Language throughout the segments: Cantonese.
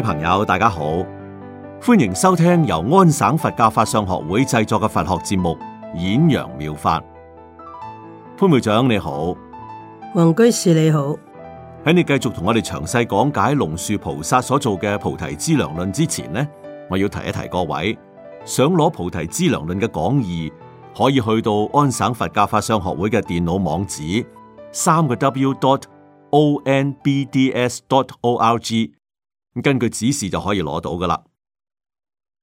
朋友大家好，歡迎收聽由安省佛教法相學會製作嘅佛學節目《演揚妙，妙法》。潘秘書長你好，黃居士你好。喺你繼續同我哋詳細講解龍樹菩薩所做嘅《菩提資糧論》之前呢，我要提一提各位，想攞《菩提資糧論》嘅講義，可以去到安省佛教法相學會嘅電腦網址：三個 w.dot.o.n.b.d.s.dot.o.r.g。咁根據指示就可以攞到噶啦，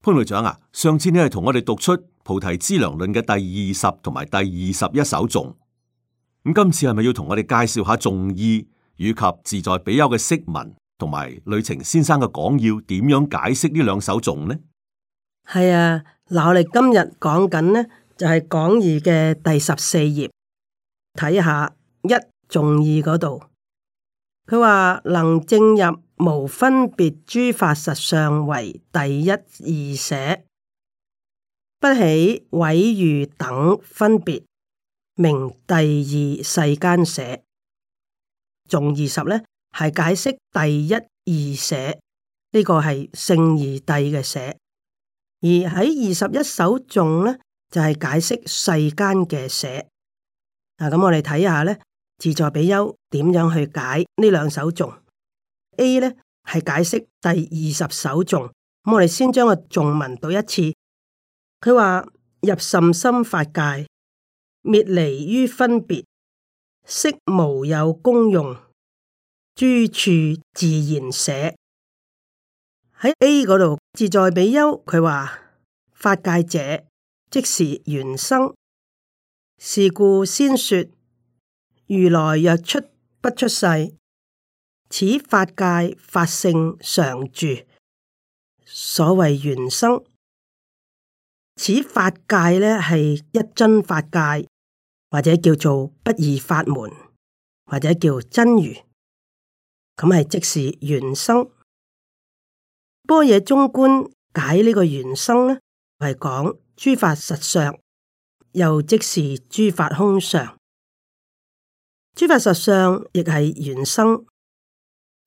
潘隊長啊，上次呢係同我哋讀出《菩提資糧論》嘅第二十同埋第二十一首頌，咁今次係咪要同我哋介紹下頌義以及自在比丘嘅釋文，同埋呂程先生嘅講要點樣解釋呢兩首頌呢？係啊，嗱，我哋今日講緊呢就係講義嘅第十四頁，睇下一頌義嗰度，佢話能正入。無分別諸法實相為第一二捨，不起毀譽等分別，名第二世間捨。仲二十呢？係解釋第一二捨呢、這個係聖二諦嘅捨，而喺二十一首頌呢，就係、是、解釋世間嘅捨。嗱、啊、咁、嗯、我哋睇下呢自在比丘點樣去解呢兩首頌。A 呢，係解釋第二十首頌，我哋先將個頌文讀一次。佢話入甚深法界，滅離於分別，識無有功用，諸處自然捨。喺 A 嗰度自在比丘，佢話法界者即是緣生，是故先說如來若出不出世。此法界法性常住，所謂原生。此法界咧係一真法界，或者叫做不二法門，或者叫真如，咁係即是原生。般若中觀解呢個原生咧，係講諸法實相，又即是諸法空相。諸法實相亦係原生。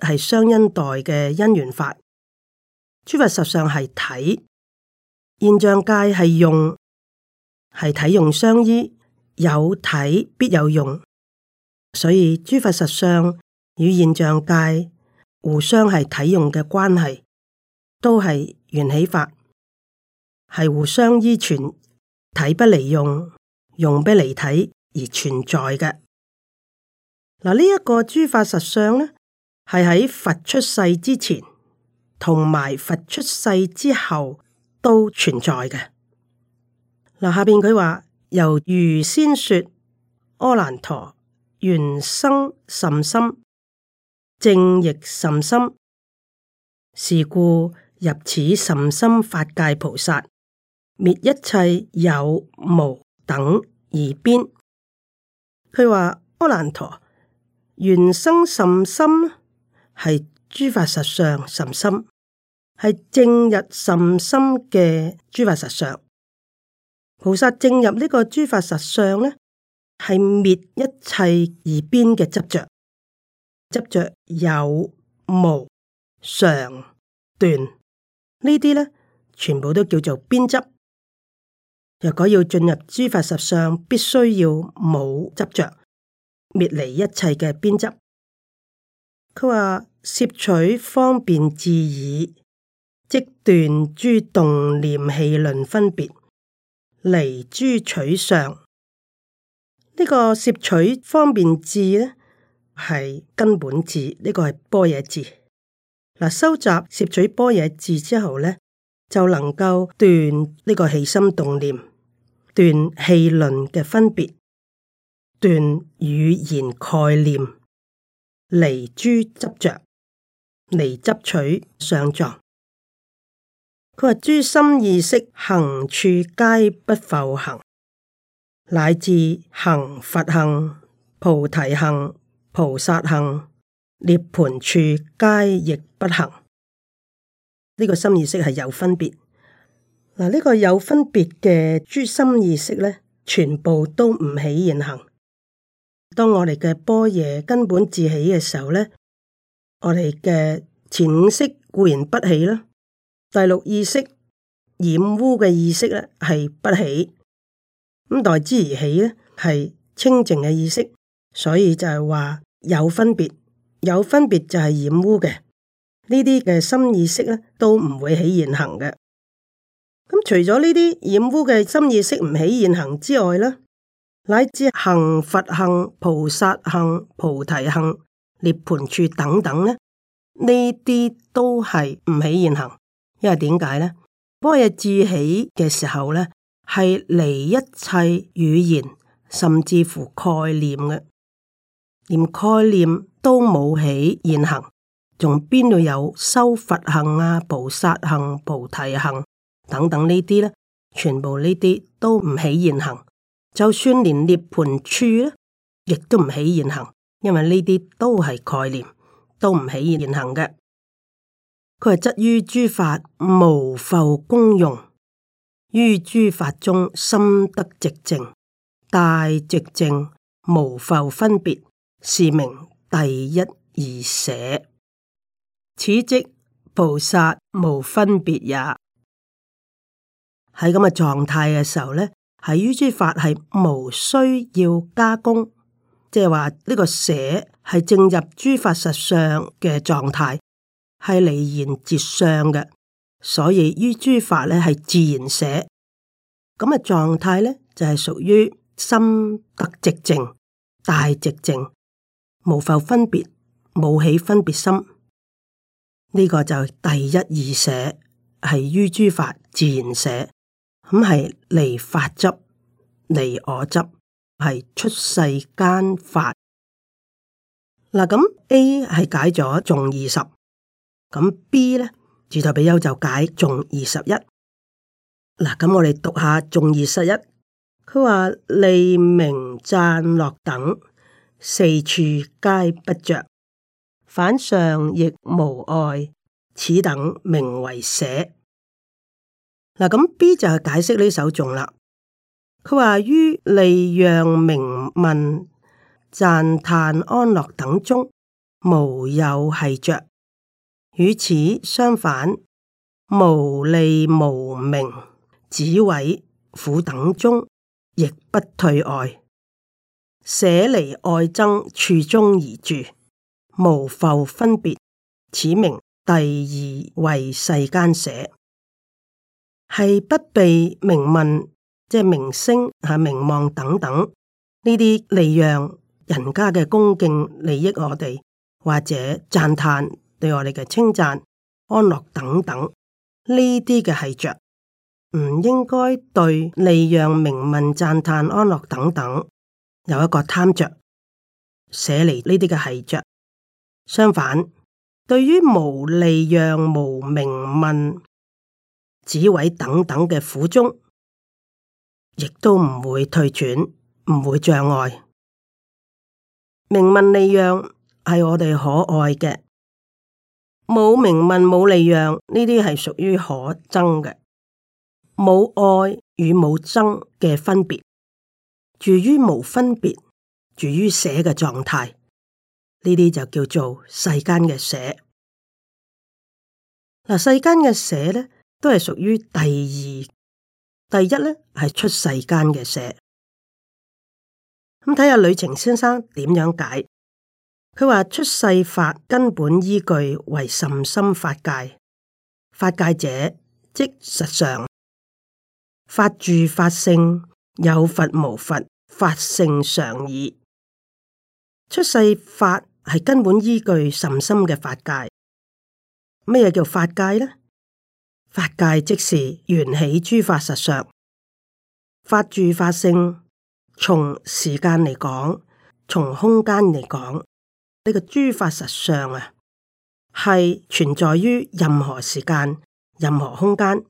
係相因代嘅因緣法，諸法實相係體，現象界係用，係體用相依，有體必有用，所以諸法實相與現象界互相係體用嘅關係，都係緣起法，係互相依存，體不離用，用不離體而存在嘅。嗱，呢一個諸法實相呢？係喺佛出世之前，同埋佛出世之後都存在嘅。嗱，下邊佢話，猶如先說阿難陀緣生甚深，正亦甚深，是故入此甚深法界菩薩滅一切有無等而邊。佢話阿難陀緣生甚深。係諸法實相甚深，係正入甚深嘅諸法實相。菩薩正入呢個諸法實相呢，係滅一切而邊嘅執着，執着有無常斷呢啲呢，全部都叫做邊執。若果要進入諸法實相，必須要冇執着，滅離一切嘅邊執。佢話攝取方便智耳，即斷諸動念氣論分別，離諸取相。呢、這個攝取方便智呢，係根本智，呢、這個係般若智。嗱、啊，收集攝取般若智之後呢，就能夠斷呢個起心動念、斷氣論嘅分別、斷語言概念。離諸執着，離執取上座。佢話：諸心意識行處皆不浮行，乃至行佛行菩提行菩薩行涅槃處，皆亦不行。呢個心意識係有分別。嗱，呢個有分別嘅諸心意識咧，全部都唔起現行。.當我哋嘅般若根本自起嘅時候咧，我哋嘅前五識固然不起啦，第六意識染污嘅意識咧係不起，咁代之而起咧係清淨嘅意識，所以就係話有分別，有分別就係染污嘅呢啲嘅心意識咧都唔會起現行嘅。咁除咗呢啲染污嘅心意識唔起現行之外咧。乃至行佛行菩薩行菩提行涅槃處等等呢？呢啲都係唔起現行，因為點解呢？般若智起嘅時候呢，係離一切語言，甚至乎概念嘅，連概念都冇起現行，仲邊度有修佛行啊、菩薩行、菩提行等等呢啲呢？全部呢啲都唔起現行。就算連涅槃處咧，亦都唔起現行，因為呢啲都係概念，都唔起現行嘅。佢係執於諸法無浮功用，於諸法中心得直正，大直正無浮分別，是名第一而捨。此即菩薩無分別也。喺咁嘅狀態嘅時候咧。係於諸法係無需要加工，即係話呢個捨係正入諸法實相嘅狀態，係離言絕相嘅，所以於諸法咧係自然捨，咁、這、啊、個、狀態咧就係屬於心得寂靜、大寂靜，無浮分別，冇起分別心，呢、這個就第一二捨係於諸法自然捨。咁係離法執、離我執，係出世間法。嗱，咁 A 係解咗頌二十，咁 B 咧自在比丘就解頌二十一。嗱，咁我哋讀下頌二十一，佢話利名讚樂等四處皆不着，反上亦無礙，此等名為捨。嗱，咁 B 就係解釋呢首頌啦。佢話於利、讓、名、聞、讚嘆、安樂等中，無有繫着；與此相反，無利、無名、子位、苦等中，亦不退外。捨離愛憎處中而住，無浮分別，此名第二位世間捨。係不被名聞，即係名聲吓名望等等呢啲利讓，人家嘅恭敬利益我哋，或者讚歎，對我哋嘅稱讚安樂等等呢啲嘅繫着，唔應該對利讓名聞讚歎安樂等等有一個貪着，捨離呢啲嘅繫着。相反，對於無利讓無名聞。子位等等嘅苦衷，亦都唔會退轉，唔會障礙。名聞利養係我哋可愛嘅，冇名聞冇利養呢啲係屬於可憎嘅，冇愛與冇憎嘅分別，住於無分別，住於捨嘅狀態，呢啲就叫做世間嘅捨。嗱、啊，世間嘅捨咧。都係屬於第二、第一呢係出世間嘅舍。咁睇下呂澂先生點樣解？佢話出世法根本依據為甚深法界，法界者即實常，法住法性，有佛無佛，法性常矣。出世法係根本依據甚深嘅法界。咩嘢叫法界呢？法界即是緣起諸法實相，法住法性。從時間嚟講，從空間嚟講，呢、這個諸法實相啊，係存在於任何時間、任何空間。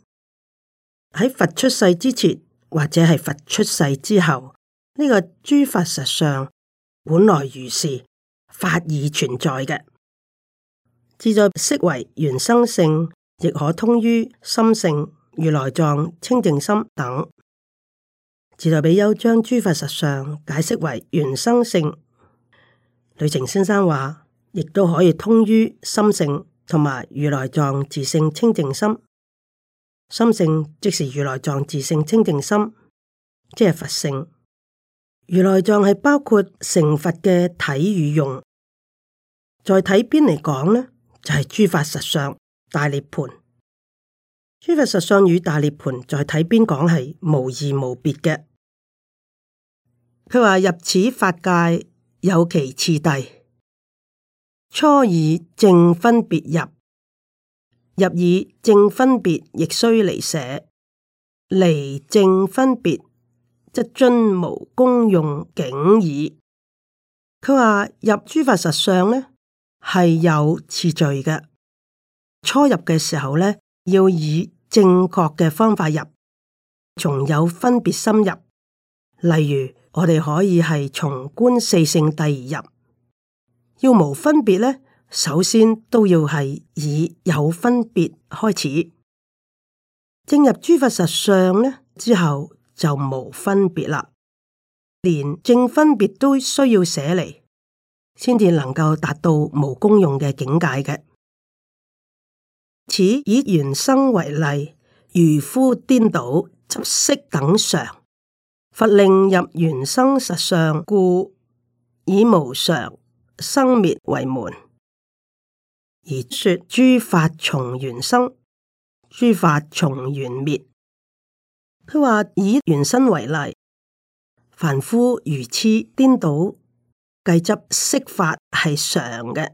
喺佛出世之前或者係佛出世之後，呢、這個諸法實相本來如是，法而存在嘅。至在釋為原生性。亦可通於心性、如來藏、清淨心等。自在比丘將諸法實相解釋為原生性。呂澂先生話，亦都可以通於心性同埋如來藏自性清淨心。心性即是如來藏自性清淨心，即係佛性。如來藏係包括成佛嘅體與用。在體邊嚟講呢就係、是、諸法實相。大涅盤，諸法實相與大涅盤就係睇邊講係無二無別嘅。佢話入此法界有其次第，初以正分別入，入以正分別亦須離捨離正分別，則尊無功用境矣。佢話入諸法實相呢，係有次序嘅。初入嘅時候咧，要以正確嘅方法入，從有分別深入。例如，我哋可以係從觀四聖諦而入。要無分別咧，首先都要係以有分別開始。正入諸佛實相咧之後，就無分別啦。連正分別都需要捨離，先至能夠達到無功用嘅境界嘅。此以緣生為例，凡夫顛倒執色等常，佛令入緣生實相故，以無常生滅為門，而說諸法從緣生，諸法從緣滅。佢話以緣生為例，凡夫如痴顛倒計執色法係常嘅。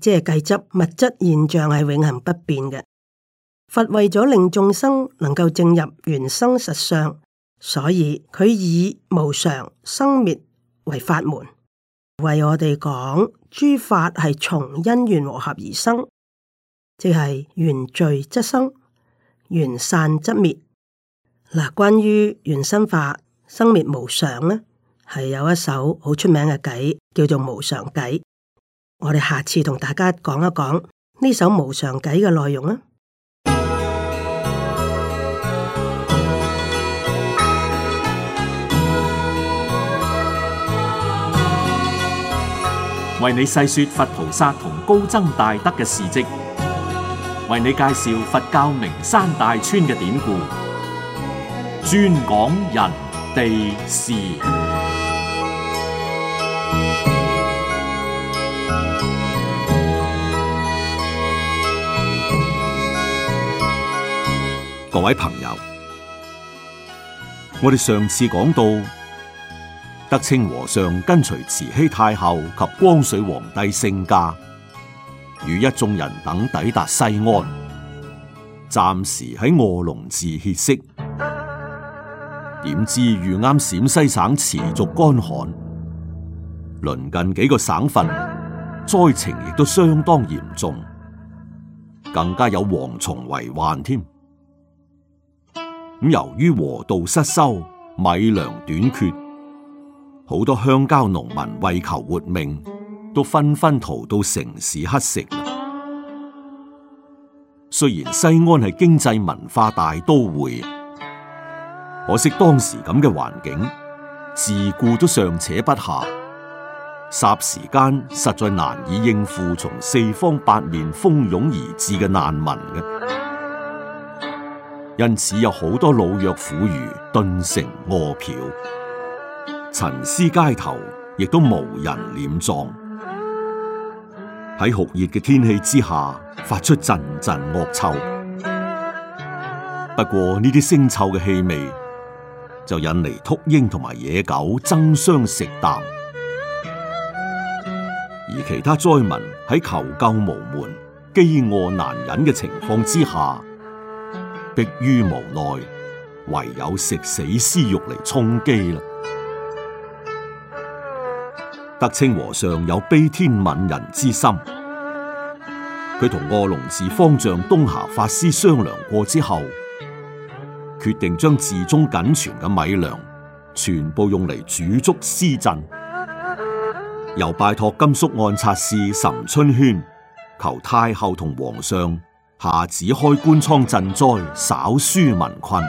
即係計執物質現象係永恒不變嘅，佛為咗令眾生能夠證入原生實相，所以佢以無常生滅為法門，為我哋講諸法係從因緣和合而生，即係緣聚則生，緣散則滅。嗱，關於原生法生滅無常呢，係有一首好出名嘅偈，叫做無常偈。我哋下次同大家講一講呢首無常偈嘅內容啊！為你細說佛菩薩同高僧大德嘅事蹟，為你介紹佛教名山大川嘅典故，專講人地事。各位朋友，我哋上次講到，德清和尚跟隨慈禧太后及光緒皇帝聖駕，與一眾人等抵達西安，暫時喺臥龍寺歇息。點知遇啱陝西省持續乾旱，鄰近幾個省份災情亦都相當嚴重，更加有蝗蟲為患添。咁由於河道失修，米糧短缺，好多鄉郊農民為求活命，都紛紛逃到城市乞食。雖然西安係經濟文化大都會，可惜當時咁嘅環境，自顧都尚且不下，霎時間實在難以應付從四方八面蜂擁而至嘅難民嘅。因此有好多老弱婦孺頓成餓殍，陳屍街頭，亦都無人殮葬。喺酷熱嘅天氣之下，發出陣陣惡臭。不過呢啲腥臭嘅氣味就引嚟禿鷹同埋野狗爭相食啖，而其他災民喺求救無門、飢餓難忍嘅情況之下。迫於無奈，唯有食死屍肉嚟充饑啦。德清和尚有悲天憫人之心，佢同臥龍寺方丈東霞法師商量過之後，決定將寺中僅存嘅米糧全部用嚟煮粥施賑，又拜託甘肅按察使岑春軒求太后同皇上。下旨開官倉賑災，稍紓民困。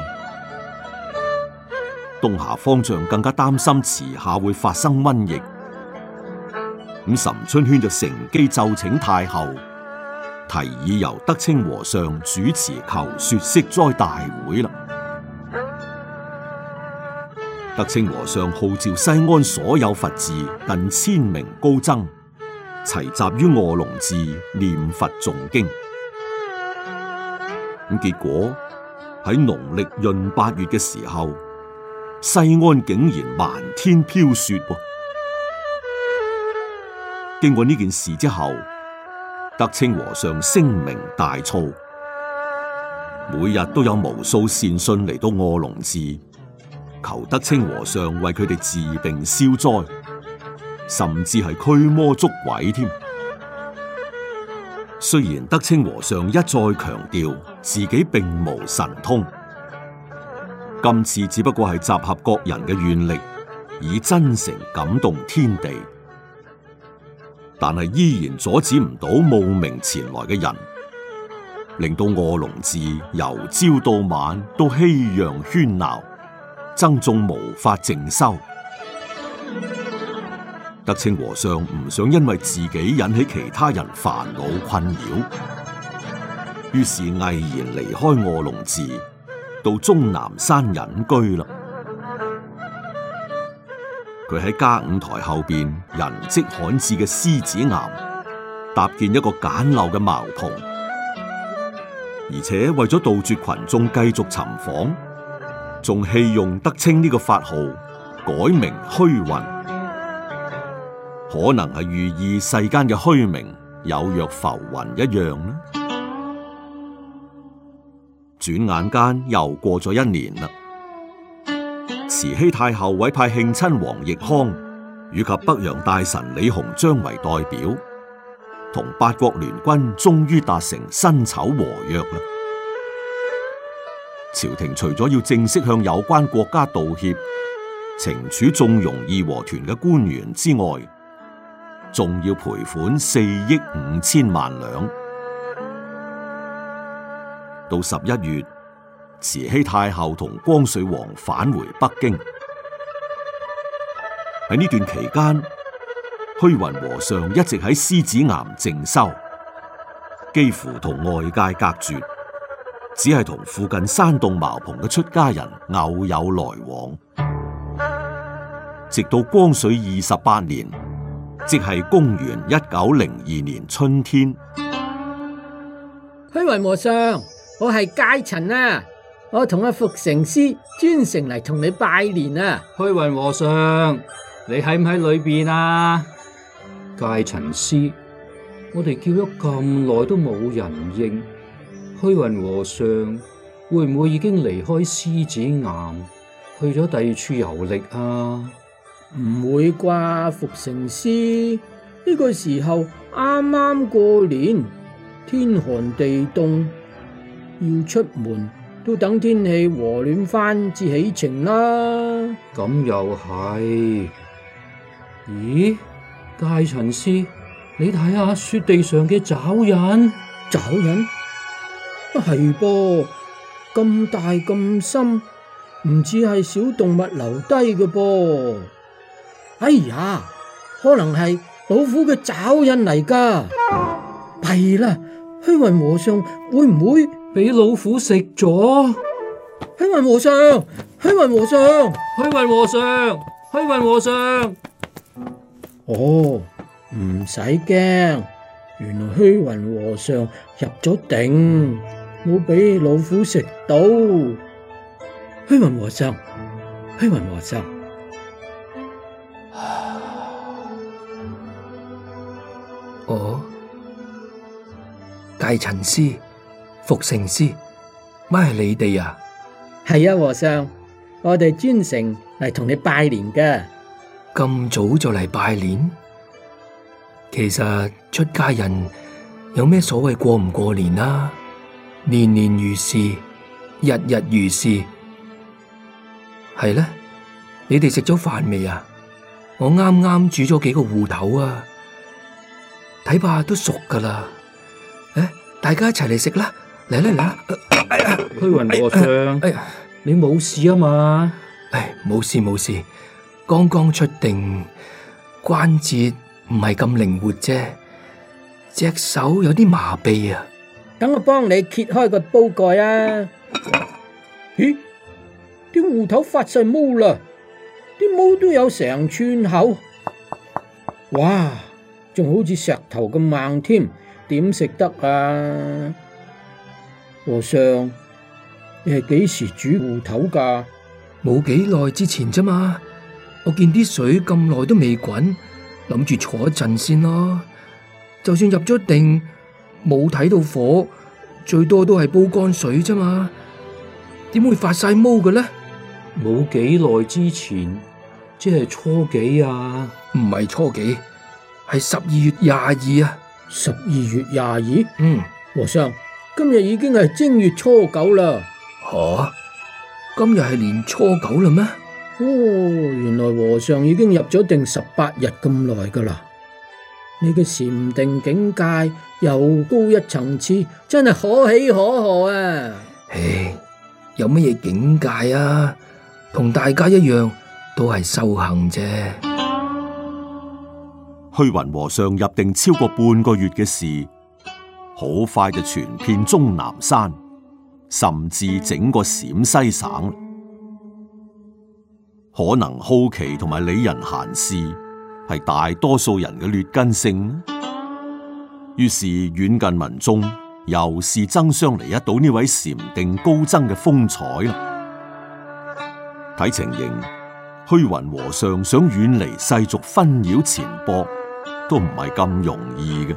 東霞方丈更加擔心遲下會發生瘟疫。咁岑春軒就乘機奏請太后，提議由德清和尚主持求雪釋災大會啦。德清和尚號召西安所有佛寺近千名高僧，齊集於臥龍寺念佛誦經。咁結果喺農曆閏八月嘅時候，西安竟然漫天飄雪。經過呢件事之後，德清和尚聲名大噪，每日都有無數善信嚟到臥龍寺求德清和尚為佢哋治病消災，甚至係驅魔捉鬼添。雖然德清和尚一再強調自己並無神通，今次只不過係集合各人嘅願力，以真誠感動天地，但係依然阻止唔到慕名前來嘅人，令到臥龍寺由朝到晚都熙攘喧鬧，僧眾無法靜修。德清和尚唔想因為自己引起其他人煩惱困擾，於是毅然離開臥龍寺，到終南山隱居啦。佢喺嘉五台後邊人迹罕至嘅獅子巖搭建一個簡陋嘅茅棚，而且為咗杜絕群眾繼續尋訪，仲棄用德清呢個法號，改名虛雲。可能係寓意世間嘅虛名，有若浮雲一樣呢。轉眼間又過咗一年啦。慈禧太后委派慶親王奕康以及北洋大臣李鴻章為代表，同八國聯軍終於達成辛丑和約啦。朝廷除咗要正式向有關國家道歉、懲處縱容義和團嘅官員之外，仲要賠款四億五千萬兩。到十一月，慈禧太后同光緒皇返回北京。喺呢段期間，虛雲和尚一直喺獅子岩靜修，幾乎同外界隔絕，只係同附近山洞茅棚嘅出家人偶有來往。直到光緒二十八年。即係公元一九零二年春天。虛雲和尚，我係戒塵啊！我同阿福成師專程嚟同你拜年啊！虛雲和尚，你喺唔喺裏邊啊？戒塵、啊、師，我哋叫咗咁耐都冇人應。虛雲和尚，會唔會已經離開獅子岩，去咗第二處遊歷啊？唔會啩，復成師呢個時候啱啱過年，天寒地凍，要出門都等天氣和暖翻至起程啦、啊。咁又係？咦，戒塵師，你睇下雪地上嘅爪印，爪印啊係噃，咁大咁深，唔似係小動物留低嘅噃。哎呀，可能係老虎嘅爪印嚟噶，弊啦！虛雲和尚會唔會俾老虎食咗？虛雲和尚，虛雲和尚，虛雲和尚，虛雲和尚。哦，唔使驚，原來虛雲和尚入咗定，冇俾老虎食到。虛雲和尚，虛雲和尚。哦，大陳師、福成師，乜係你哋啊？係啊，和尚，我哋專程嚟同你拜年㗎。咁早就嚟拜年？其實出家人有咩所謂過唔過年啊？年年如是，日日如是。係咧，你哋食咗飯未啊？我啱啱煮咗幾個芋頭啊！睇怕，都熟噶啦！誒，大家一齊嚟食啦！嚟啦嚟啦！虛雲和尚，哎呀，你冇事啊嘛？哎，冇事冇事，剛剛出定，關節唔係咁靈活啫，隻手有啲麻痹啊！等我幫你揭開個煲蓋啊！咦，啲芋頭發晒毛啦，啲毛都有成寸厚，哇！仲好似石頭咁硬添，點食得啊？和尚，你係幾時煮芋頭噶？冇幾耐之前啫嘛，我見啲水咁耐都未滾，諗住坐一陣先咯。就算入咗定，冇睇到火，最多都係煲乾水啫嘛，點會發晒毛嘅呢？冇幾耐之前，即係初幾啊？唔係初幾？係十二月廿二啊！十二月廿二，嗯，和尚，今日已經係正月初九啦。吓、啊，今日係年初九啦咩？哦，原來和尚已經入咗定十八日咁耐噶啦。你嘅禪定境界又高一層次，真係可喜可賀啊！唉，有乜嘢境界啊？同大家一樣，都係修行啫。虛雲和尚入定超過半個月嘅事，好快就傳遍終南山，甚至整個陝西省。可能好奇同埋理人閒事係大多數人嘅劣根性，於是遠近民眾又是爭相嚟一睹呢位禪定高僧嘅風采。睇情形，虛雲和尚想遠離世俗紛擾前波。都唔係咁容易嘅，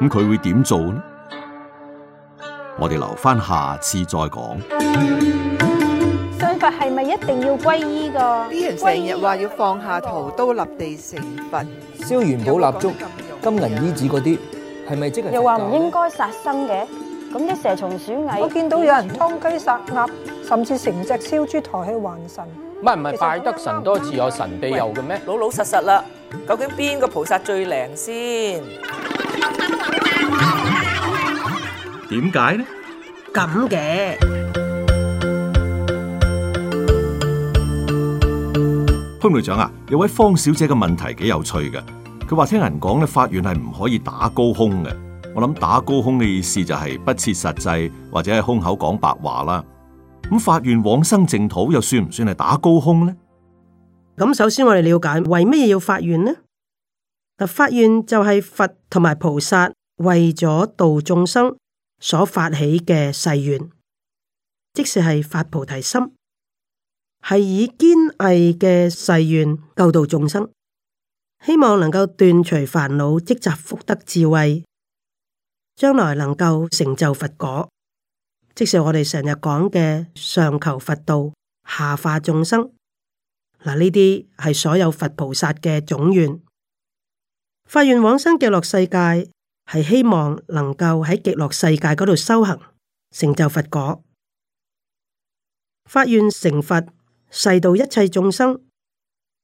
咁佢會點做呢？我哋留翻下次再講。信佛係咪一定要皈依噶？啲人成日話要放下屠刀立地成佛，燒元寶蠟燭、金銀衣紙嗰啲，係咪即係？又話唔應該殺生嘅，咁啲蛇蟲鼠蟻，我見到有人劏雞殺鴨，甚至成隻燒豬抬去還神。唔係唔係，拜得神多自有神庇佑嘅咩？老老實實啦，究竟邊個菩薩最靈先？點解呢？咁嘅潘隊長啊，有位方小姐嘅問題幾有趣嘅。佢話聽人講咧，法院係唔可以打高空嘅。我諗打高空嘅意思就係不切實際，或者係空口講白話啦。咁發願往生淨土又算唔算係打高空呢？咁首先我哋了解為乜嘢要發願呢？嗱，發願就係佛同埋菩薩為咗度眾生所發起嘅誓願，即使係發菩提心，係以堅毅嘅誓願救度眾生，希望能夠斷除煩惱，積集福德智慧，將來能夠成就佛果。即係我哋成日講嘅上求佛道，下化眾生，嗱，呢啲係所有佛菩薩嘅總願。發願往生極樂世界，係希望能夠喺極樂世界嗰度修行，成就佛果。發願成佛，誓度一切眾生，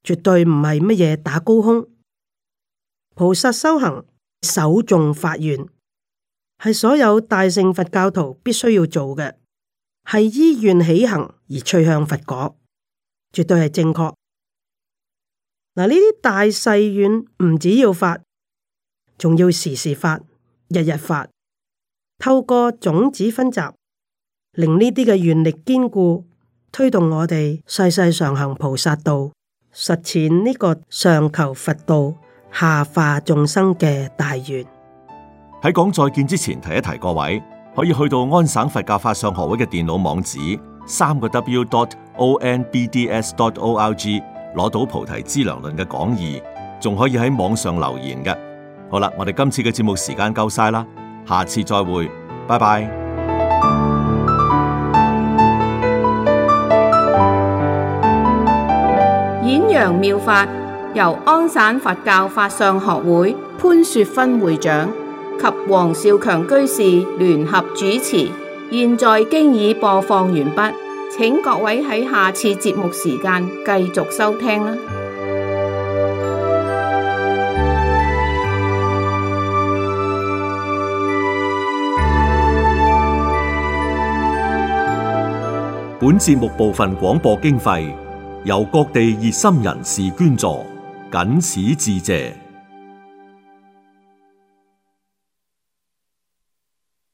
絕對唔係乜嘢打高空。菩薩修行，首重發願。係所有大乘佛教徒必須要做嘅，係依願起行而趨向佛果，絕對係正確。嗱，呢啲大誓願唔只要發，仲要時時發、日日發，透過種子分集，令呢啲嘅願力堅固，推動我哋世世上行菩薩道，實踐呢個上求佛道、下化眾生嘅大願。喺講再見之前，提一提各位可以去到安省佛教法上學會嘅電腦網址，三個 w.dot.o.n.b.d.s.dot.o.l.g 攞到菩提資糧論嘅講義，仲可以喺網上留言嘅。好啦，我哋今次嘅節目時間夠晒啦，下次再會，拜拜。演揚妙法，由安省佛教法上學會潘雪芬會長。及黃少強居士聯合主持，現在經已播放完畢，請各位喺下次節目時間繼續收聽啦。本節目部分廣播經費由各地熱心人士捐助，謹此致謝。